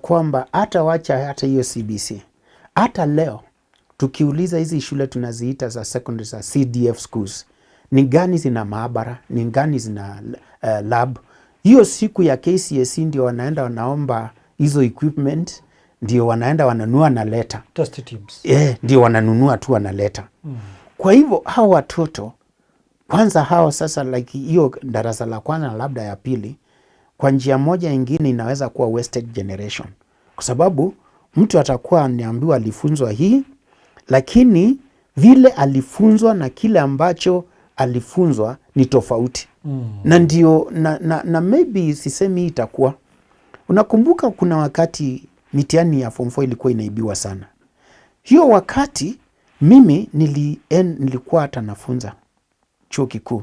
kwamba hata wacha hata hiyo CBC, hata leo tukiuliza hizi shule tunaziita za secondary za CDF schools ni gani zina maabara, ni gani zina uh, lab. Hiyo siku ya KCSE ndio wanaenda wanaomba hizo equipment, ndio wanaenda wananua na leta test tubes, yeah, ndio wananunua tu wanaleta mm. Kwa hivyo hao watoto kwanza hao sasa, like hiyo darasa la kwanza na labda ya pili kwa njia moja nyingine inaweza kuwa wasted generation, kwa sababu mtu atakuwa anaambiwa alifunzwa hii, lakini vile alifunzwa na kile ambacho alifunzwa ni tofauti mm. na ndio na, na, na maybe sisemi itakuwa. Unakumbuka kuna wakati mitihani ya form 4 ilikuwa inaibiwa sana. Hiyo wakati mimi nilien, nilikuwa hata nafunza chuo kikuu,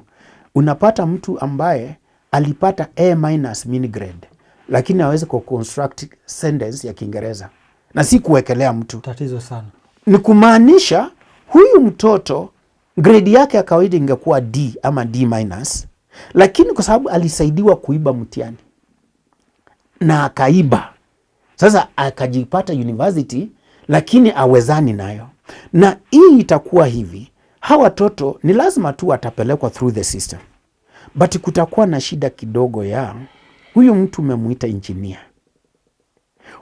unapata mtu ambaye alipata A minus mini grade, lakini hawezi construct sentence ya Kiingereza na si kuwekelea mtu tatizo sana. Ni kumaanisha huyu mtoto grade yake ya kawaida ingekuwa D ama D minus, lakini kwa sababu alisaidiwa kuiba mtihani na akaiba, sasa akajipata university, lakini awezani nayo. Na hii itakuwa hivi, hawa watoto ni lazima tu watapelekwa through the system but kutakuwa na shida kidogo ya huyu mtu umemwita injinia,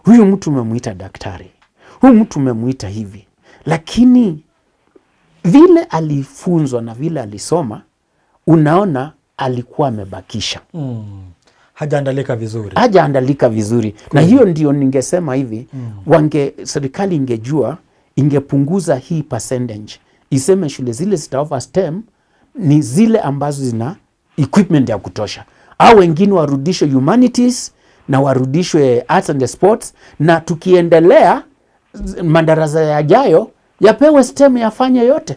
huyu mtu umemwita daktari, huyu mtu umemwita hivi, lakini vile alifunzwa na vile alisoma, unaona alikuwa amebakisha mm. Hajaandalika vizuri, hajaandalika vizuri Kuhu. Na hiyo ndio ningesema hivi mm. Wange serikali ingejua ingepunguza hii percentage, iseme shule zile zitaofa STEM ni zile ambazo zina equipment ya kutosha, au wengine warudishwe humanities na warudishwe arts and sports, na tukiendelea madarasa yajayo yapewe STEM yafanye yote.